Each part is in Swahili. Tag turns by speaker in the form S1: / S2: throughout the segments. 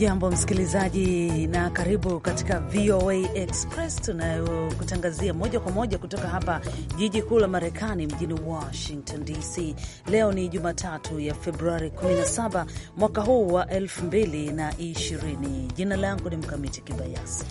S1: Hujambo msikilizaji, na karibu katika VOA Express tunayokutangazia moja kwa moja kutoka hapa jiji kuu la Marekani, mjini Washington DC. Leo ni Jumatatu ya Februari 17 mwaka huu wa 2020. Jina langu ni Mkamiti Kibayasi.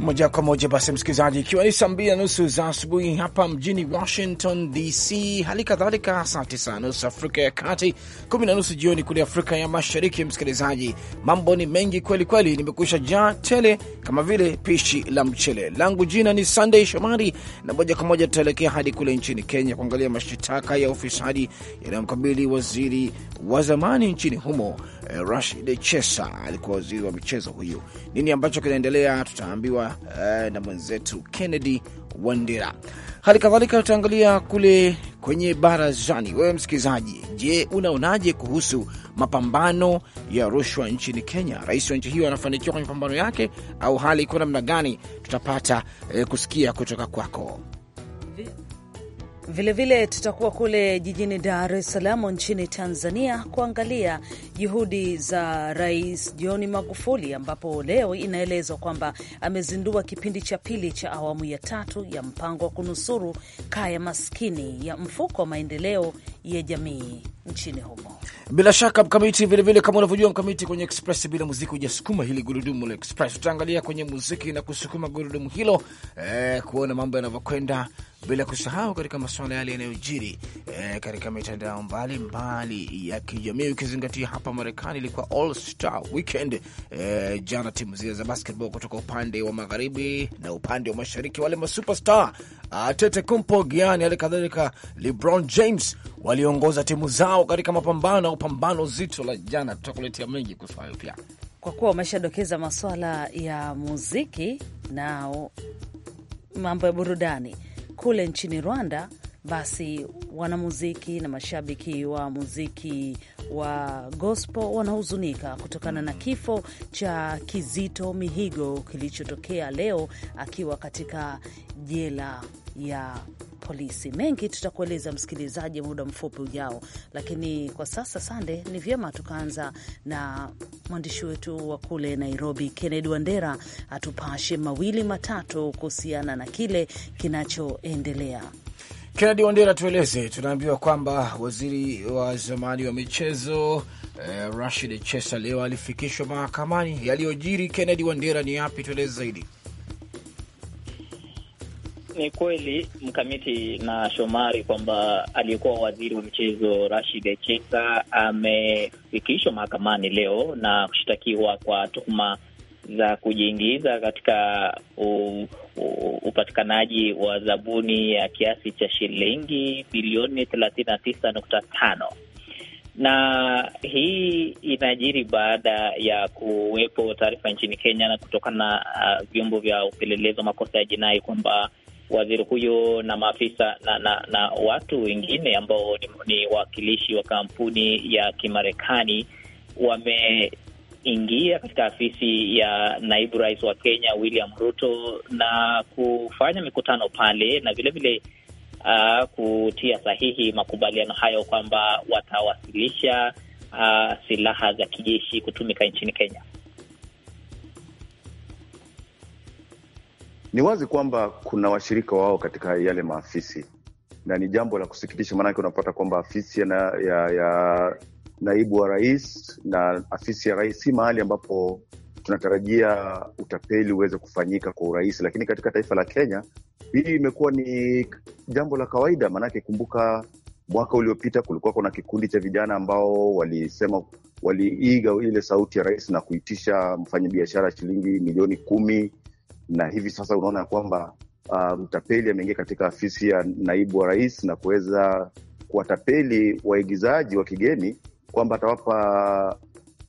S2: Moja kwa moja basi, msikilizaji, ikiwa ni saa mbili na nusu za asubuhi hapa mjini Washington DC, hali kadhalika saa tisa na nusu Afrika ya Kati, kumi na nusu jioni kule Afrika ya Mashariki. Msikilizaji, mambo ni mengi mengi kweli kweli, nimekusha jaa tele kama vile pishi la mchele langu. Jina ni Sunday Shomari, na moja kwa moja tutaelekea hadi kule nchini Kenya kuangalia mashtaka ya ufisadi yanayomkabili waziri wa zamani nchini humo Eh, Rashid Chesa alikuwa waziri wa michezo huyu. Nini ambacho kinaendelea tutaambiwa eh, na mwenzetu Kennedy Wandera. Hali kadhalika tutaangalia kule kwenye barazani. Wewe msikilizaji, je, unaonaje kuhusu mapambano ya rushwa nchini Kenya? Rais wa nchi hiyo anafanikiwa kwenye mapambano yake au hali iko namna gani? Tutapata eh, kusikia kutoka kwako.
S1: Vilevile tutakuwa kule jijini Dar es Salaam nchini Tanzania kuangalia juhudi za Rais John Magufuli, ambapo leo inaelezwa kwamba amezindua kipindi cha pili cha awamu ya tatu ya mpango wa kunusuru kaya maskini ya mfuko wa maendeleo ya jamii nchini humo.
S2: Bila shaka Mkamiti, vilevile kama unavyojua Mkamiti, kwenye Express bila muziki hujasukuma hili gurudumu la Express. Utaangalia kwenye muziki na kusukuma gurudumu hilo eh, kuona mambo yanavyokwenda, bila kusahau katika masuala yale yanayojiri eh, katika mitandao mbalimbali ya kijamii, ukizingatia hapa Marekani ilikuwa All Star Weekend eh, jana timu zile za basketball kutoka upande wa magharibi na upande wa mashariki, wale masuperstar Atete Kumpo Gianni, hali kadhalika LeBron James walioongoza timu zao katika mapambano au pambano zito la jana. Tutakuletea mengi kuhusu hayo pia,
S1: kwa kuwa wameshadokeza maswala ya muziki na mambo ya burudani kule nchini Rwanda. Basi wanamuziki na mashabiki wa muziki wa gospel wanahuzunika kutokana na kifo cha Kizito Mihigo kilichotokea leo akiwa katika jela ya polisi. Mengi tutakueleza msikilizaji muda mfupi ujao, lakini kwa sasa, Sande, ni vyema tukaanza na mwandishi wetu wa kule Nairobi, Kennedy Wandera, atupashe mawili matatu kuhusiana na kile kinachoendelea.
S2: Kennedy Wandera, tueleze. Tunaambiwa kwamba waziri wa zamani wa michezo eh, Rashid Chesa leo alifikishwa mahakamani. Yaliyojiri Kennedy Wandera ni yapi? Tueleze zaidi
S3: ni kweli mkamiti na Shomari kwamba aliyekuwa waziri wa michezo Rashid Echesa amefikishwa mahakamani leo na kushtakiwa kwa tuhuma za kujiingiza katika u, u, upatikanaji wa zabuni ya kiasi cha shilingi bilioni thelathini na tisa nukta tano na hii inajiri baada ya kuwepo taarifa nchini Kenya na kutokana na uh, vyombo vya upelelezi wa makosa ya jinai kwamba waziri huyo na maafisa na, na, na watu wengine ambao ni wawakilishi wa kampuni ya Kimarekani wameingia katika afisi ya naibu rais wa Kenya William Ruto na kufanya mikutano pale na vilevile uh, ah, kutia sahihi makubaliano hayo kwamba watawasilisha uh, silaha za kijeshi kutumika nchini Kenya. Ni wazi kwamba kuna washirika wao katika yale maafisi na ni jambo la kusikitisha, maanake unapata kwamba afisi ya, ya, ya naibu wa rais na afisi ya rais si mahali ambapo tunatarajia utapeli uweze kufanyika kwa urahisi, lakini katika taifa la Kenya hii imekuwa ni jambo la kawaida. Maanake kumbuka, mwaka uliopita kulikuwa kuna kikundi cha vijana ambao walisema waliiga ile sauti ya rais na kuitisha mfanyabiashara shilingi milioni kumi na hivi sasa unaona kwamba mtapeli ah, mtapeli ameingia katika afisi ya naibu wa rais na kuweza kuwatapeli waigizaji wa kigeni kwamba atawapa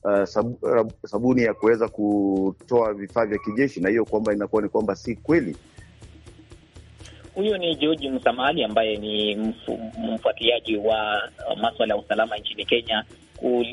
S3: uh, sabu, sabuni ya kuweza kutoa vifaa vya kijeshi, na hiyo kwamba inakuwa ni kwamba si kweli. Huyo ni George Msamali ambaye ni mfu, mfuatiliaji wa maswala ya usalama nchini Kenya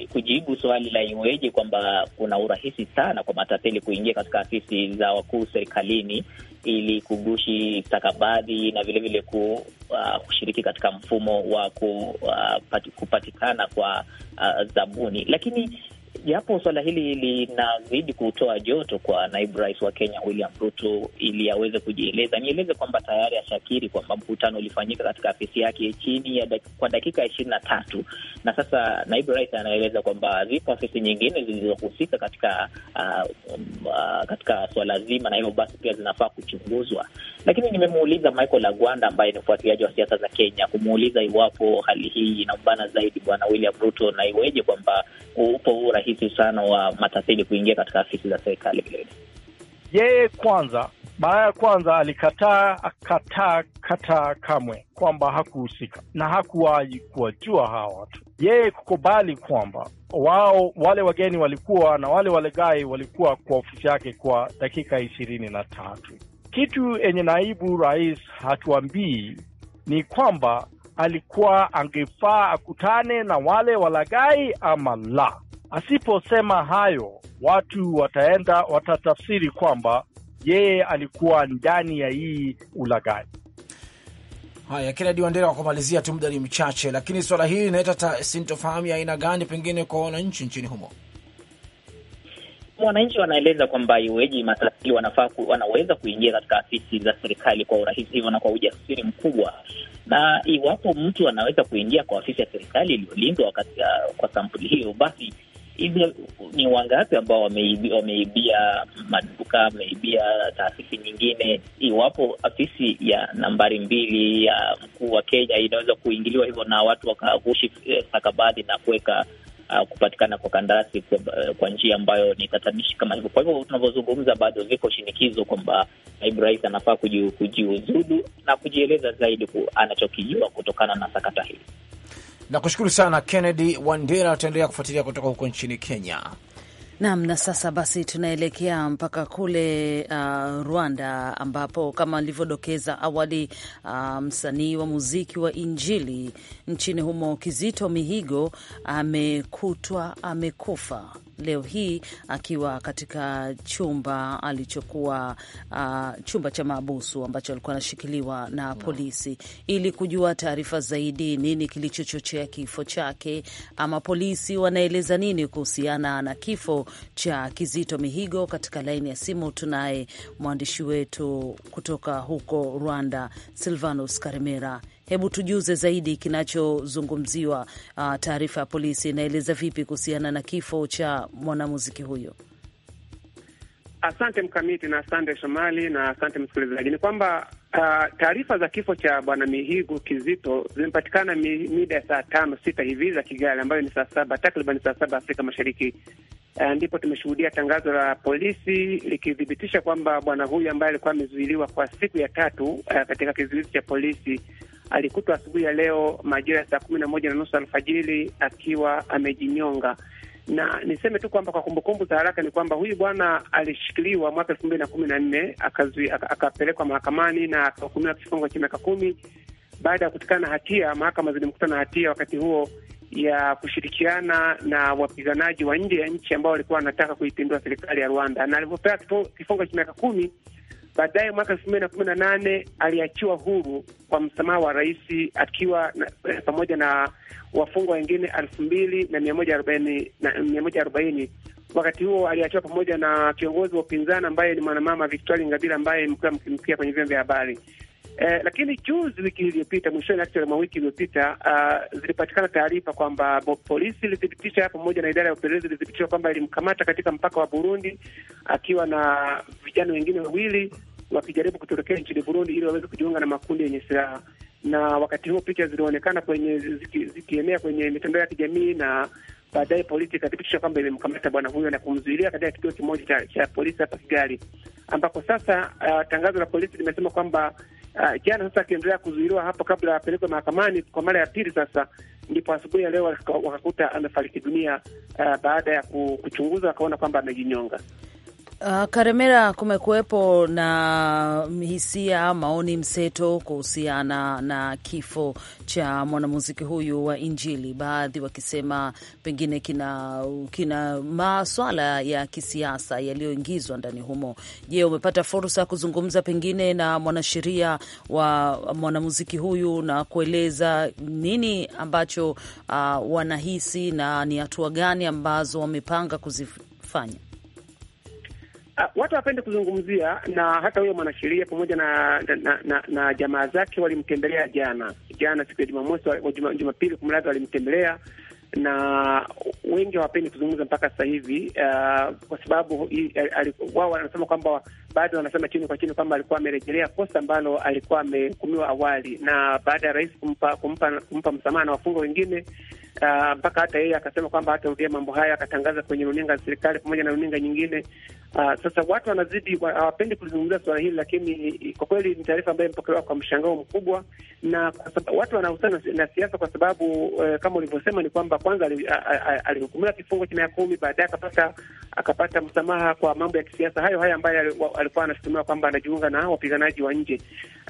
S3: kujibu swali la iweje kwamba kuna urahisi sana kwa matapeli kuingia katika afisi za wakuu serikalini ili kugushi stakabadhi na vilevile ku, uh, kushiriki katika mfumo wa ku, uh, pati, kupatikana kwa uh, zabuni, lakini japo swala hili linazidi kutoa joto kwa naibu rais wa Kenya William Ruto ili aweze kujieleza, nieleze kwamba tayari ashakiri kwamba mkutano ulifanyika katika afisi yake chini ya da, kwa dakika ishirini na tatu, na sasa naibu rais anaeleza kwamba zipo afisi nyingine zilizohusika katika uh, um, uh, katika swala zima, na hivyo basi pia zinafaa kuchunguzwa. Lakini nimemuuliza Michael Agwanda ambaye ni mfuatiliaji wa siasa za Kenya, kumuuliza iwapo hali hii inaumbana zaidi bwana William Ruto na iweje kwamba upo urahisi sana wa matafili kuingia katika afisi za serikali. Vilevile
S4: yeye kwanza mara ya kwanza alikataa akataa kataa kamwe kwamba hakuhusika na hakuwahi kuwajua hawa watu. Yeye kukubali kwamba wao wale wageni walikuwa na wale walegai walikuwa kwa ofisi yake kwa dakika ishirini na tatu. Kitu yenye naibu rais hatuambii ni kwamba alikuwa angefaa akutane na wale walagai ama la. Asiposema hayo, watu wataenda watatafsiri kwamba yeye alikuwa ndani ya hii ulagai.
S2: Haya, Kennedy Wandera, wa kumalizia tu, muda ni mchache, lakini swala hili linaleta sintofahamu ya aina gani pengine kwa wananchi nchini humo?
S3: mwananchi wanaeleza kwamba iweji matajiri wanafaa ku, wanaweza kuingia katika afisi za serikali kwa urahisi hivyo na kwa ujasiri mkubwa, na iwapo mtu anaweza kuingia kwa afisi ya serikali iliyolindwa ah, kwa sampuli hiyo, basi hivyo ni wangapi ambao wameibia, wameibia maduka, wameibia taasisi nyingine? Iwapo afisi ya nambari mbili ya mkuu wa Kenya inaweza kuingiliwa hivyo na watu wakaghushi eh, stakabadhi na kuweka uh, kupatikana kwa kandarasi kwa, uh, kwa njia ambayo ni tatanishi kama hivyo. Kwa hivyo tunavyozungumza, bado ziko shinikizo kwamba naibu rais anafaa kujiuzudu na kujieleza zaidi
S2: anachokijua kutokana na sakata hili. Nakushukuru sana Kennedy Wandera, tutaendelea kufuatilia kutoka huko nchini Kenya.
S1: Nam, na sasa basi tunaelekea mpaka kule uh, Rwanda ambapo kama alivyodokeza awali uh, msanii wa muziki wa Injili nchini humo Kizito Mihigo amekutwa amekufa leo hii akiwa katika chumba alichokuwa uh, chumba cha maabusu ambacho alikuwa anashikiliwa na polisi, ili kujua taarifa zaidi, nini kilichochochea kifo chake, ama polisi wanaeleza nini kuhusiana na kifo cha Kizito Mihigo. Katika laini ya simu tunaye mwandishi wetu kutoka huko Rwanda, Silvanus Karimera hebu tujuze zaidi kinachozungumziwa. Uh, taarifa ya polisi inaeleza vipi kuhusiana na kifo cha mwanamuziki huyo?
S5: Asante Mkamiti na asante Shomali na asante msikilizaji. Ni kwamba uh, taarifa za kifo cha bwana Mihigo Kizito zimepatikana mida ya saa tano sita hivi za Kigali, ambayo ni saa saba takriban saa saba Afrika Mashariki. Uh, ndipo tumeshuhudia tangazo la polisi likithibitisha kwamba bwana huyu ambaye alikuwa amezuiliwa kwa siku ya tatu uh, katika kizuizi cha polisi alikutwa asubuhi ya leo majira ya saa kumi na moja na nusu alfajiri akiwa amejinyonga na niseme tu kwamba kwa kumbukumbu za haraka ni kwamba huyu bwana alishikiliwa mwaka elfu mbili na kumi na nne akapelekwa mahakamani na akahukumiwa kifungo cha miaka kumi baada ya kutikana na hatia. Mahakama zilimkuta na hatia wakati huo ya kushirikiana na wapiganaji wa nje ya nchi ambao walikuwa wanataka kuipindua serikali ya Rwanda, na alivyopewa kifungo cha miaka kumi Baadaye mwaka elfu mbili na kumi na nane aliachiwa huru kwa msamaha wa rais akiwa na, eh, pamoja na wafungwa wengine elfu mbili na mia moja arobaini na mia moja arobaini. Wakati huo aliachiwa pamoja na kiongozi wa upinzani ambaye ni mwanamama Victoria Ngabila ambaye mkiwa mkimsikia kwenye vyombo vya habari. Eh, lakini juzi wiki iliyopita mwishoni actually mwa wiki iliyopita uh, zilipatikana taarifa kwamba polisi ilithibitisha pamoja na idara ya upelelezi ilithibitisha kwamba ilimkamata katika mpaka wa Burundi akiwa na vijana wengine wawili wakijaribu kutorokea nchini Burundi ili waweze kujiunga na makundi yenye silaha, na wakati huo picha zilionekana kwenye zikienea kwenye mitandao ya kijamii na baadaye polisi ikathibitisha kwamba imemkamata bwana huyo na kumzuilia katika kituo kimoja cha, cha polisi hapa Kigali, ambako sasa uh, tangazo la polisi limesema kwamba uh, jana sasa akiendelea kuzuiliwa hapo kabla apelekwe mahakamani kwa mara ya pili, sasa ndipo asubuhi ya leo wakakuta amefariki dunia uh, baada ya kuchunguza wakaona kwamba amejinyonga.
S1: Uh, Karemera, kumekuwepo na hisia, maoni mseto kuhusiana na kifo cha mwanamuziki huyu wa Injili, baadhi wakisema pengine kina, kina maswala ya kisiasa yaliyoingizwa ndani humo. Je, umepata fursa ya kuzungumza pengine na mwanasheria wa mwanamuziki huyu na kueleza nini ambacho uh, wanahisi na ni hatua gani ambazo wamepanga kuzifanya?
S5: uh, watu wapende kuzungumzia, na hata huyo mwanasheria pamoja na na, na, na, na jamaa zake walimtembelea jana jana, siku ya Jumamosi, Jumapili kumradhi, walimtembelea na wengi hawapendi kuzungumza mpaka sasa hivi uh, kwa sababu eh, wao wanasema kwamba bado wanasema chini kwa chini kwamba alikuwa amerejelea kosa ambalo alikuwa amehukumiwa awali, na baada ya rais kumpa kumpa, kumpa msamaha na wafungwa wengine ah, mpaka uh, hata yeye akasema kwamba hatarudia mambo haya, akatangaza kwenye runinga za serikali pamoja na runinga nyingine Uh, sasa watu wanazidi hawapendi kulizungumzia swala hili, lakini kwa kweli ni taarifa ambayo imepokelewa kwa mshangao mkubwa, na kwa sababu, watu wanahusiana na siasa kwa sababu uh, kama ulivyosema ni kwamba kwanza alihukumiwa kifungo cha miaka kumi, baadaye akapata akapata msamaha kwa mambo ya kisiasa hayo hayo ambayo alikuwa anashutumiwa kwamba anajiunga na wapiganaji wa nje.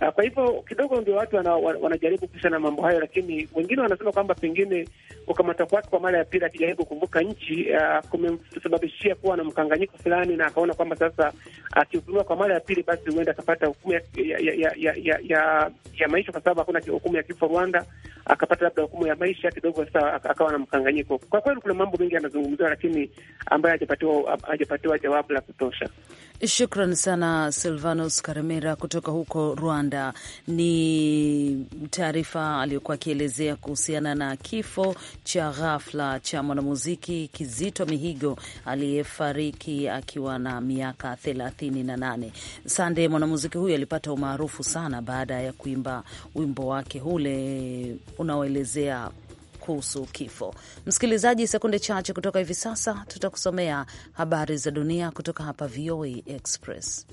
S5: Uh, kwa hivyo kidogo ndio watu wana, wanajaribu kuisha na mambo hayo, lakini wengine wanasema kwamba pengine kukamata kwake kwa mara ya pili akijaribu kuvuka nchi uh, ah, kumesababishia kuwa na mkanganyiko fulani na na akaona kwamba sasa akihukumiwa kwa mara ya pili, basi huenda akapata hukumu ya, ya, ya, ya, ya, ya maisha kwa sababu hakuna hukumu ya kifo Rwanda akapata labda hukumu ya maisha kidogo, sasa akawa na mkanganyiko. Kwa kweli kuna mambo mengi yanazungumziwa, lakini ambayo hajapatiwa jawabu la kutosha.
S1: Shukran sana Silvanus Karemera kutoka huko Rwanda. Ni taarifa aliyokuwa akielezea kuhusiana na kifo cha ghafla cha mwanamuziki Kizito Mihigo aliyefariki akiwa na miaka thelathini na nane. Sande, mwanamuziki huyu alipata umaarufu sana baada ya kuimba wimbo wake ule unaoelezea kuhusu kifo. Msikilizaji, sekunde chache kutoka hivi sasa tutakusomea habari za dunia kutoka hapa VOA Express.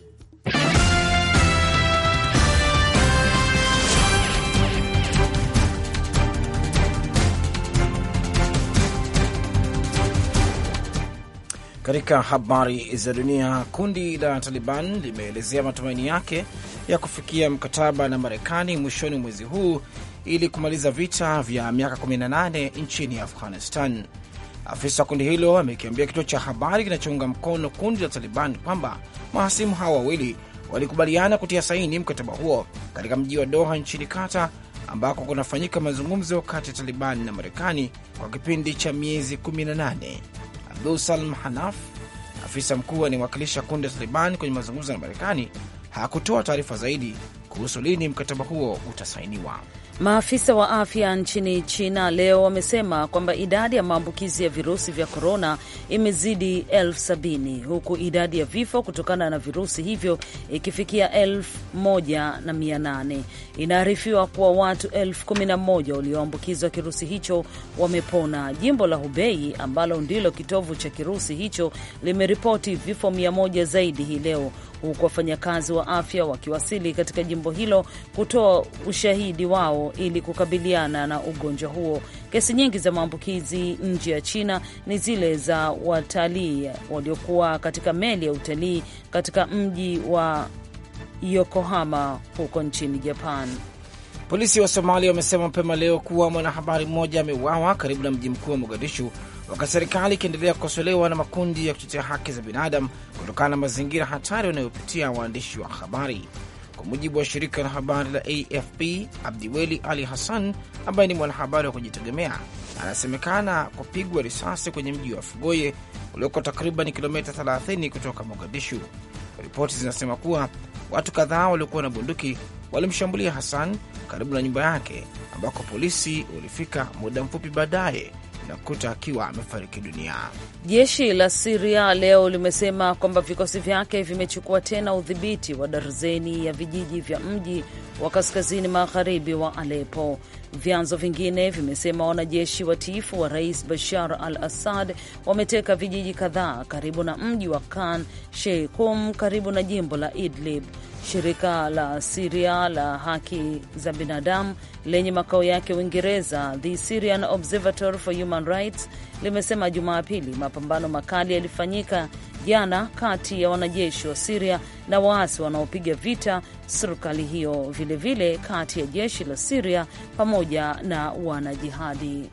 S2: Katika habari za dunia, kundi la Taliban limeelezea matumaini yake ya kufikia mkataba na Marekani mwishoni mwezi huu ili kumaliza vita vya miaka 18 nchini Afghanistan. Afisa wa kundi hilo amekiambia kituo cha habari kinachounga mkono kundi la Taliban kwamba mahasimu hao wawili walikubaliana kutia saini mkataba huo katika mji wa Doha nchini Qatar, ambako kunafanyika mazungumzo kati ya Taliban na Marekani kwa kipindi cha miezi 18. Abdul Salam Hanaf, afisa mkuu anayemwakilisha kundi la Taliban kwenye mazungumzo na Marekani, hakutoa taarifa zaidi kuhusu lini mkataba huo utasainiwa.
S1: Maafisa wa afya nchini China leo wamesema kwamba idadi ya maambukizi ya virusi vya korona imezidi elfu sabini huku idadi ya vifo kutokana na virusi hivyo ikifikia elfu moja na mia nane. Inaarifiwa kuwa watu elfu kumi na moja walioambukizwa kirusi hicho wamepona. Jimbo la Hubei ambalo ndilo kitovu cha kirusi hicho limeripoti vifo mia moja zaidi hii leo, huku wafanyakazi wa afya wakiwasili katika jimbo hilo kutoa ushahidi wao ili kukabiliana na ugonjwa huo. Kesi nyingi za maambukizi nje ya China ni zile za watalii waliokuwa katika meli ya utalii katika mji wa Yokohama huko nchini Japan. Polisi wa
S2: Somalia wamesema mapema leo kuwa mwanahabari mmoja ameuawa karibu na mji mkuu wa Mogadishu, wakati serikali ikiendelea kukosolewa na makundi ya kutetea haki za binadamu kutokana na mazingira hatari wanayopitia waandishi wa habari. Kwa mujibu wa shirika la habari la AFP, Abdiweli Ali Hassan ambaye ni mwanahabari wa kujitegemea anasemekana kupigwa risasi kwenye mji wa Fugoye ulioko takriban kilomita 30 kutoka Mogadishu. Ripoti zinasema kuwa Watu kadhaa waliokuwa na bunduki walimshambulia Hassan karibu na nyumba yake ambako polisi walifika muda mfupi baadaye na kukuta akiwa amefariki
S1: dunia. Jeshi la Siria leo limesema kwamba vikosi vyake vimechukua tena udhibiti wa darzeni ya vijiji vya mji wa kaskazini magharibi wa Alepo Vyanzo vingine vimesema wanajeshi watiifu wa rais Bashar al Assad wameteka vijiji kadhaa karibu na mji wa Khan sheikum karibu na jimbo la Idlib. Shirika la Siria la haki za binadamu lenye makao yake Uingereza, The Syrian Observatory for Human Rights, limesema Jumapili mapambano makali yalifanyika jana kati ya wanajeshi wa Siria na waasi wanaopiga vita serikali hiyo, vilevile kati ya jeshi la Siria pamoja na wanajihadi.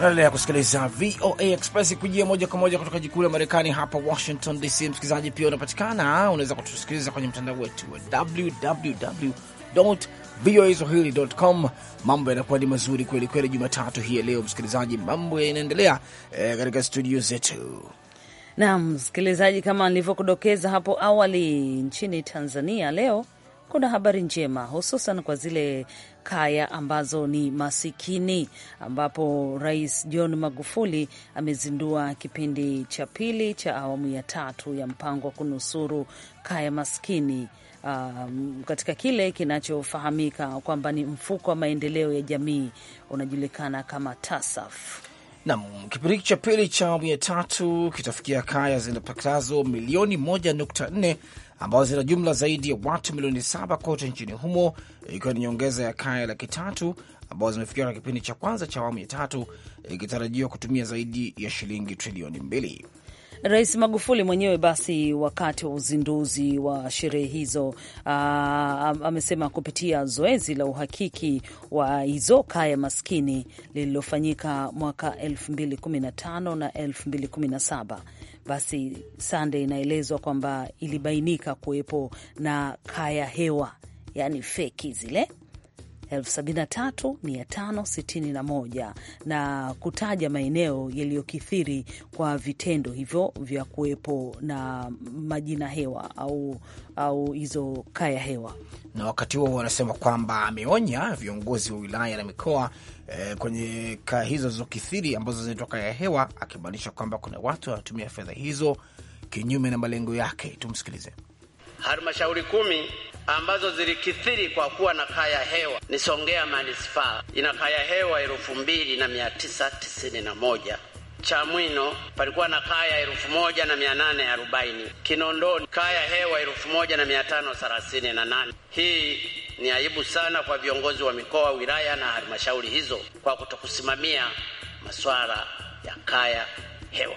S2: Naendelea kusikiliza VOA Express kujia moja kwa moja kutoka jikuu la Marekani hapa Washington DC. Msikilizaji pia unapatikana, unaweza kutusikiliza kwenye mtandao wetu wa www voa swahili.com. Mambo yanakuwa ni mazuri kweli kweli Jumatatu hii ya leo, msikilizaji, mambo yanaendelea eh, katika studio zetu.
S1: Naam msikilizaji, kama nilivyokudokeza hapo awali, nchini Tanzania leo kuna habari njema hususan kwa zile kaya ambazo ni masikini, ambapo Rais John Magufuli amezindua kipindi cha pili cha awamu ya tatu ya mpango wa kunusuru kaya maskini. Um, katika kile kinachofahamika kwamba ni mfuko wa maendeleo ya jamii unajulikana kama TASAF.
S2: Nam, kipindi cha pili cha awamu ya tatu kitafikia kaya zinapatazo milioni 1.4 ambazo zina jumla zaidi ya watu milioni saba kote nchini humo, ikiwa ni nyongeza ya kaya laki tatu ambazo zimefikiwa katika kipindi cha kwanza cha awamu ya tatu, ikitarajiwa kutumia zaidi ya shilingi trilioni mbili.
S1: Rais Magufuli mwenyewe basi, wakati wa uzinduzi wa sherehe hizo, ah, amesema kupitia zoezi la uhakiki wa hizo kaya maskini lililofanyika mwaka 2015 na 2017 basi Sunday inaelezwa kwamba ilibainika kuwepo na kaya hewa, yani feki zile 73561 na kutaja maeneo yaliyokithiri kwa vitendo hivyo vya kuwepo na majina hewa au au hizo kaya hewa.
S2: Na wakati huo wanasema kwamba ameonya viongozi wa wilaya na mikoa e, kwenye kaya hizo zilizokithiri ambazo zinaitwa kaya hewa, akimaanisha kwamba kuna watu wanatumia fedha hizo kinyume na malengo yake. Tumsikilize. halmashauri kumi ambazo zilikithiri kwa kuwa na kaya hewa ni Songea manispaa ina kaya hewa elfu mbili na mia tisa tisini na moja. Chamwino palikuwa na kaya elfu moja na mia nane arobaini. Kinondoni kaya hewa elfu moja na mia tano thelathini na nane. Hii ni aibu sana kwa viongozi wa mikoa, wilaya na halmashauri hizo kwa kutokusimamia masuala ya kaya hewa.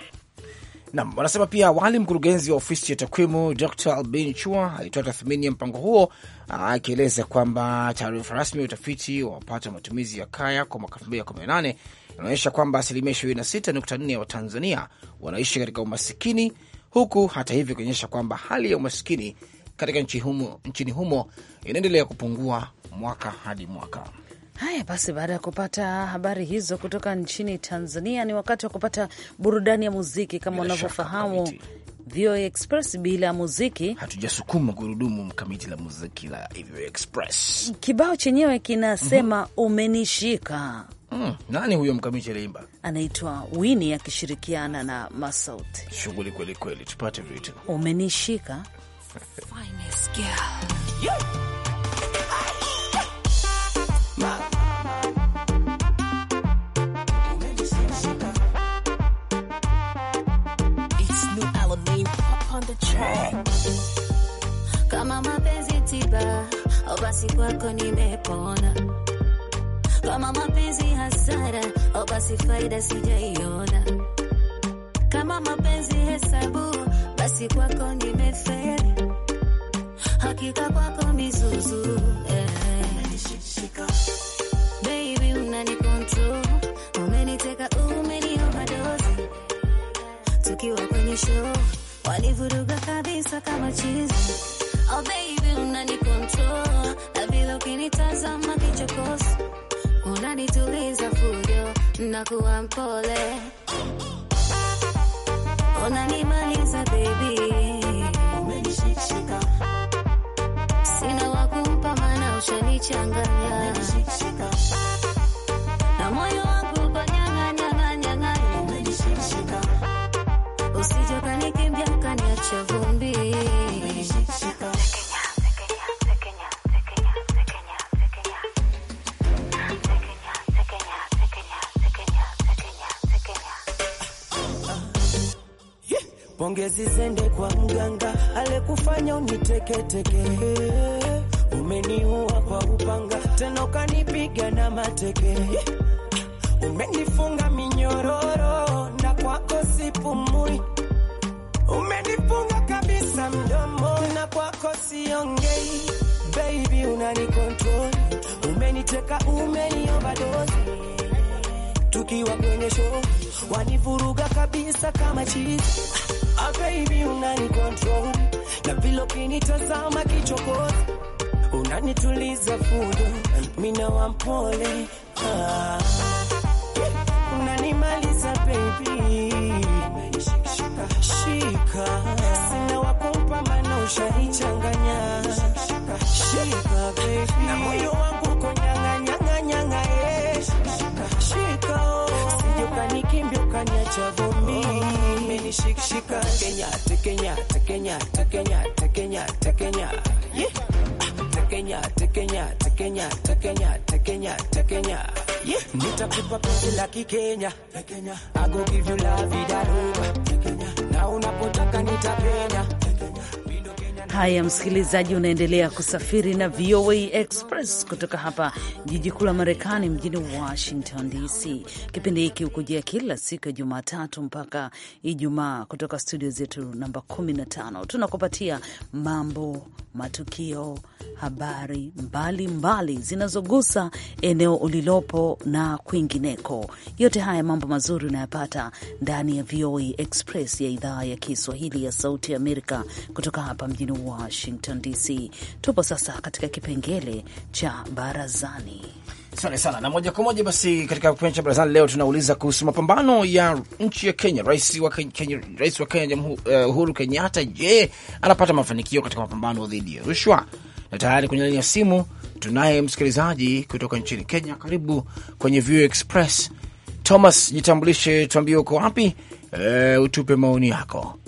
S2: Nam wanasema pia awali, mkurugenzi wa ofisi ya takwimu Dr Albin Chua alitoa tathmini ya mpango huo akieleza kwamba taarifa rasmi ya utafiti wa mapato matumizi ya kaya kwa mwaka 2018 inaonyesha kwamba asilimia 26.4 ya Watanzania wanaishi katika umasikini, huku hata hivyo ikionyesha kwamba hali ya umasikini katika nchini humo, nchini humo inaendelea kupungua mwaka hadi mwaka.
S1: Haya basi, baada ya kupata habari hizo kutoka nchini Tanzania, ni wakati wa kupata burudani ya muziki. Kama unavyofahamu, VOA Express bila muziki
S2: hatujasukuma gurudumu mkamiti la muziki la VOA Express.
S1: Kibao chenyewe kinasema mm -hmm. Umenishika mm. Nani huyo mkamiti aliimba? Anaitwa Wini akishirikiana na Masauti. Shughuli kwelikweli, tupate vitu umenishika
S6: Kama mapenzi tiba, obasi kwako nimepona. Kama mapenzi hasara, obasi faida sijaiona. Kama mapenzi hesabu, basi kwako nimefeli. Hakika kwako mizuzu eh. walivuruga kabisa kama chizi. Oh baby, unanikontrol na vile ukinitazama kichokozi unanituliza fujo na kuwa mpole, unanimaliza baby, umenishika na moyo
S7: zisende kwa mganga alekufanya uniteketeke. Umeniua kwa upanga tena ukanipiga na mateke. Umenifunga minyororo na kwako sipumui. Umenifunga kabisa mdomo na kwako siongei. Baby unanikontrol, umeniteka, umeni overdose tukiwa kwenye show wanivuruga kabisa kama chizi. Ah, baby unani control na vile ukinitazama kichokozi unanituliza mimi mina wampole ah, unanimaliza baby shika sina wakompa manosha ichanganya shika baby na moyo wangu cha bombi umenishikishika Kenyatta Kenyatta Kenyatta Kenyatta Kenyatta Kenyatta Kenyatta Kenyatta Kenyatta Kenyatta Kenyatta Kenyatta nitakupa penzi la Kikenya, I go give you la vida loba, na unapotaka nitapenya
S1: haya, msikilizaji, unaendelea kusafiri na VOA Express kutoka hapa jiji kuu la Marekani, mjini Washington DC. Kipindi hiki hukujia kila siku ya Jumatatu mpaka Ijumaa kutoka studio zetu namba 15. Tunakupatia mambo, matukio, habari mbalimbali zinazogusa eneo ulilopo na kwingineko. Yote haya mambo mazuri unayapata ndani ya VOA Express ya idhaa ya Kiswahili ya Sauti ya Amerika kutoka hapa mjini Washington DC. Tupo sasa katika kipengele cha barazani.
S2: Asante sana na moja kwa moja basi, katika kipengele cha barazani leo tunauliza kuhusu mapambano ya nchi ya Kenya. Rais wa Kenya, rais wa Kenya eh, Uhuru Kenyatta, je, anapata mafanikio katika mapambano dhidi ya rushwa? Na tayari kwenye laini ya simu tunaye msikilizaji kutoka nchini Kenya. Karibu kwenye View Express. Thomas, jitambulishe, tuambie uko wapi, e, utupe maoni yako.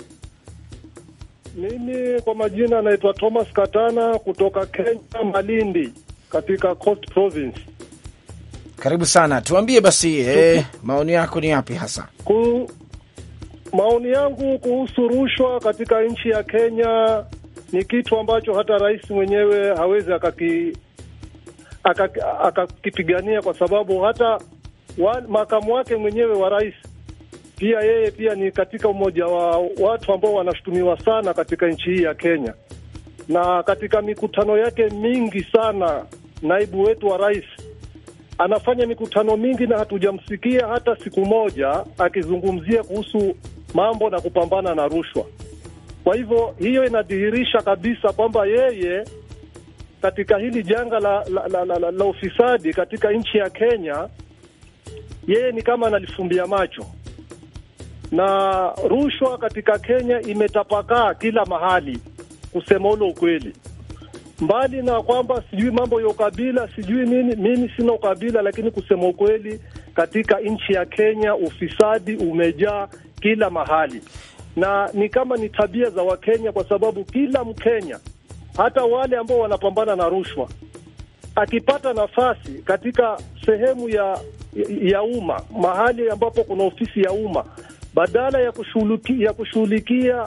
S4: Mimi kwa majina naitwa Thomas Katana kutoka Kenya, Malindi, katika Coast Province.
S2: Karibu sana, tuambie basi eh, maoni yako ni yapi hasa?
S4: Ku, maoni yangu kuhusu rushwa katika nchi ya Kenya ni kitu ambacho hata rais mwenyewe hawezi akaki akakipigania, kwa sababu hata wa, makamu wake mwenyewe wa rais pia yeye pia ni katika umoja wa watu ambao wanashutumiwa sana katika nchi hii ya Kenya, na katika mikutano yake mingi sana, naibu wetu wa rais anafanya mikutano mingi na hatujamsikia hata siku moja akizungumzia kuhusu mambo na kupambana na rushwa. Kwa hivyo hiyo inadhihirisha kabisa kwamba yeye katika hili janga la, la, la, la, la, la ufisadi katika nchi ya Kenya, yeye ni kama analifumbia macho na rushwa katika Kenya imetapakaa kila mahali, kusema ule ukweli. Mbali na kwamba sijui mambo ya ukabila sijui nini, mimi sina ukabila, lakini kusema ukweli, katika nchi ya Kenya ufisadi umejaa kila mahali, na ni kama ni tabia za Wakenya, kwa sababu kila Mkenya, hata wale ambao wanapambana na rushwa, akipata nafasi katika sehemu ya ya umma, mahali ambapo kuna ofisi ya umma badala ya kushughulikia kushughulikia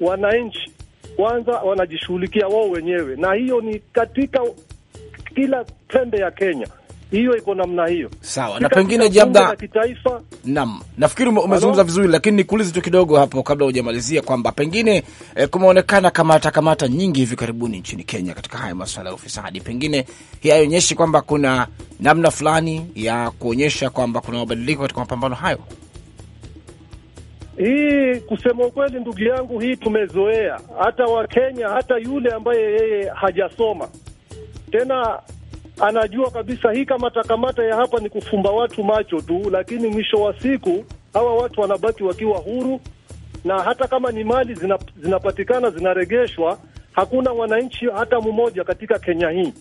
S4: wananchi, kwanza wanajishughulikia wao wenyewe, na hiyo ni katika kila pembe ya Kenya hiyo iko namna hiyo.
S2: Sawa na pengine jabda
S4: kitaifa.
S2: Naam, nafikiri umezungumza vizuri, lakini nikuulize tu kidogo hapo kabla hujamalizia kwamba pengine eh, kumeonekana kamata kamata nyingi hivi karibuni nchini Kenya katika haya masuala ya ufisadi. Pengine hii haionyeshi kwamba kuna namna fulani ya kuonyesha kwamba kuna mabadiliko katika mapambano hayo.
S4: Hii kusema ukweli, ndugu yangu, hii tumezoea. Hata Wakenya, hata yule ambaye yeye hajasoma tena anajua kabisa hii kamatakamata ya hapa ni kufumba watu macho tu, lakini mwisho wa siku hawa watu wanabaki wakiwa huru, na hata kama ni mali zina, zinapatikana zinaregeshwa Hakuna mwananchi hata mmoja katika Kenya hii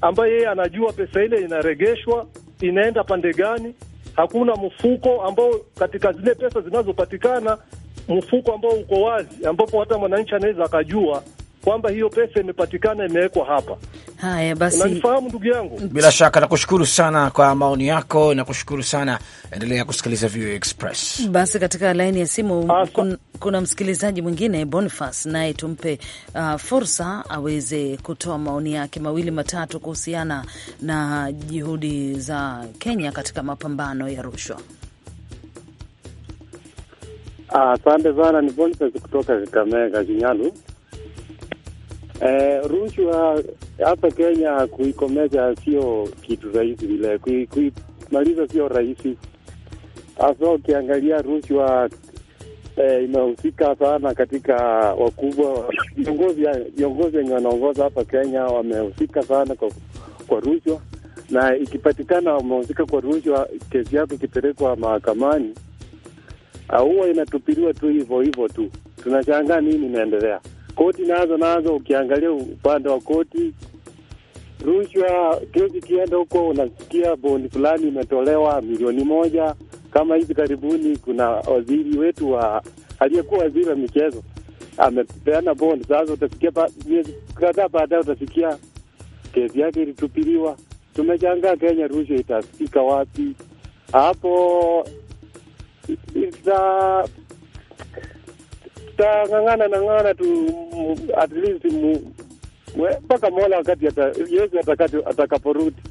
S4: ambaye yeye anajua pesa ile inaregeshwa inaenda pande gani hakuna mfuko ambao katika zile pesa zinazopatikana mfuko ambao uko wazi ambapo hata mwananchi anaweza akajua kwamba hiyo pesa imepatikana imewekwa hapa.
S1: Haya basi, unanifahamu
S4: ndugu yangu.
S2: Bila shaka nakushukuru sana kwa maoni yako, nakushukuru sana. Endelea kusikiliza VOA Express.
S1: Basi katika laini ya simu kun, kuna msikilizaji mwingine Boniface, naye tumpe uh, fursa aweze kutoa maoni yake mawili matatu kuhusiana na juhudi za Kenya katika mapambano ya rushwa.
S8: Asante ah, sana. Ni Boniface kutoka Kakamega, Kinyalu. Eh, rushwa hapa Kenya kuikomesha sio kitu rahisi vile, kuimaliza sio rahisi, hasa ukiangalia rushwa eh, imehusika sana katika wakubwa viongozi wenye wanaongoza hapa Kenya wamehusika sana kwa, kwa rushwa, na ikipatikana wamehusika kwa rushwa, kesi yako ikipelekwa mahakamani ah, huwa inatupiliwa tu hivyo hivyo tu. Tunashangaa nini inaendelea koti nazo nazo, ukiangalia upande wa koti rushwa, kesi kienda huko unasikia bondi fulani imetolewa milioni moja. Kama hivi karibuni kuna waziri wetu wa aliyekuwa waziri wa michezo amepeana bondi, sasa utasikia miezi kadhaa baadaye utasikia kesi yake ilitupiliwa. Tumechangaa Kenya, rushwa itafika wapi hapo? ita tutang'ang'ana nang'ana tu at least mpaka Mola wakati ata, Yesu atakaporudi.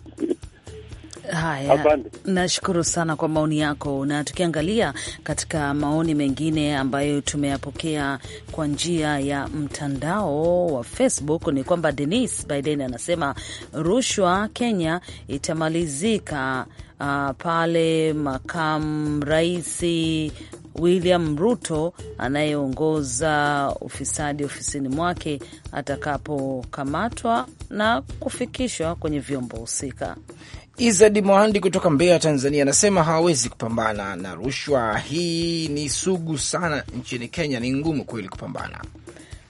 S1: Haya, nashukuru sana kwa maoni yako. Na tukiangalia katika maoni mengine ambayo tumeyapokea kwa njia ya mtandao wa Facebook ni kwamba Denis Biden anasema rushwa Kenya itamalizika. Uh, pale makamu raisi William Ruto anayeongoza ufisadi ofisini mwake atakapokamatwa na kufikishwa kwenye vyombo husika.
S2: Izadi Mwandi kutoka Mbeya, Tanzania, anasema hawawezi kupambana na rushwa.
S1: Hii ni sugu sana nchini Kenya, ni ngumu kweli kupambana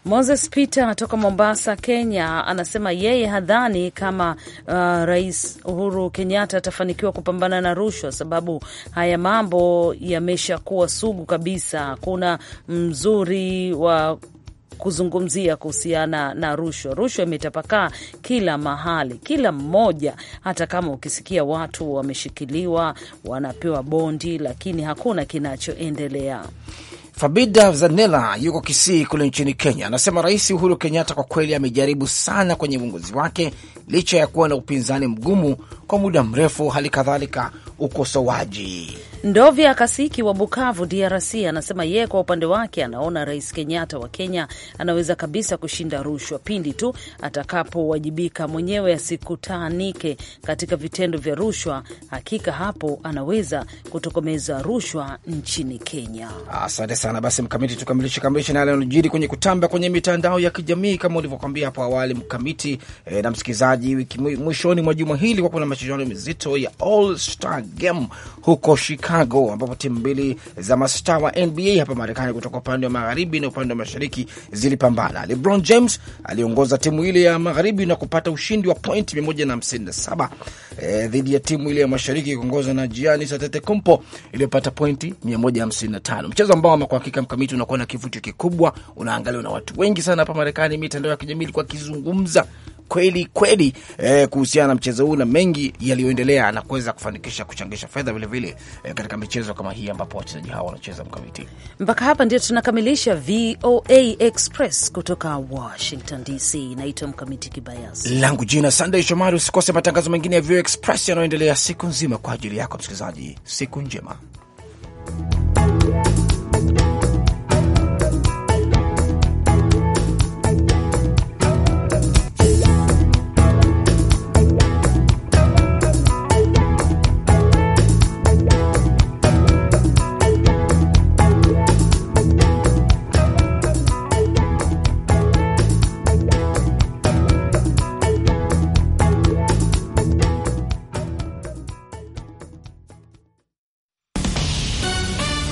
S1: Moses Peter toka Mombasa, Kenya, anasema yeye hadhani kama uh, Rais Uhuru Kenyatta atafanikiwa kupambana na rushwa, sababu haya mambo yameshakuwa sugu kabisa. Kuna mzuri wa kuzungumzia kuhusiana na rushwa. Rushwa imetapakaa kila mahali, kila mmoja. Hata kama ukisikia watu wameshikiliwa, wanapewa bondi, lakini hakuna kinachoendelea. Fabida zanela yuko Kisii kule nchini Kenya, anasema Rais
S2: Uhuru Kenyatta kwa kweli amejaribu sana kwenye uongozi wake licha ya kuwa na upinzani mgumu kwa muda mrefu, hali kadhalika ukosoaji.
S1: Ndovya Kasiki wa Bukavu, DRC, anasema yeye kwa upande wake anaona Rais Kenyatta wa Kenya anaweza kabisa kushinda rushwa pindi tu atakapowajibika mwenyewe, asikutanike katika vitendo vya rushwa. Hakika hapo anaweza kutokomeza rushwa nchini Kenya.
S2: Asante sana. Basi Mkamiti, tukamilishe kamilishe na yale yanayojiri kwenye kutamba kwenye mitandao ya kijamii kama ulivyokwambia hapo awali Mkamiti eh, na msikilizaji, wiki mwishoni mwa juma hili wapo na mashindano mizito ya All Star Game huko Chicago Chicago, ambapo timu mbili za mastaa wa NBA hapa Marekani kutoka upande wa magharibi na upande wa mashariki zilipambana. LeBron James aliongoza timu ile ya magharibi na kupata ushindi wa point 157 e, eh, dhidi ya timu ile ya mashariki kuongozwa na Giannis Antetokounmpo iliyopata pointi 155, mchezo ambao kwa hakika mkamiti unakuwa na kivutio kikubwa, unaangaliwa na watu wengi sana hapa Marekani. Mitandao ya kijamii ilikuwa kizungumza kweli kweli eh, kuhusiana na mchezo huu na mengi yaliyoendelea na kuweza kufanikisha kuchangisha fedha vilevile eh, katika michezo kama hii ambapo wachezaji hawa wanacheza mkamiti.
S1: Mpaka hapa ndio tunakamilisha VOA Express kutoka Washington DC. Naitwa Mkamiti Kibayasi, langu jina Sunday Shomari. Usikose matangazo mengine ya
S2: VOA Express yanayoendelea siku nzima kwa ajili yako msikilizaji. Siku njema.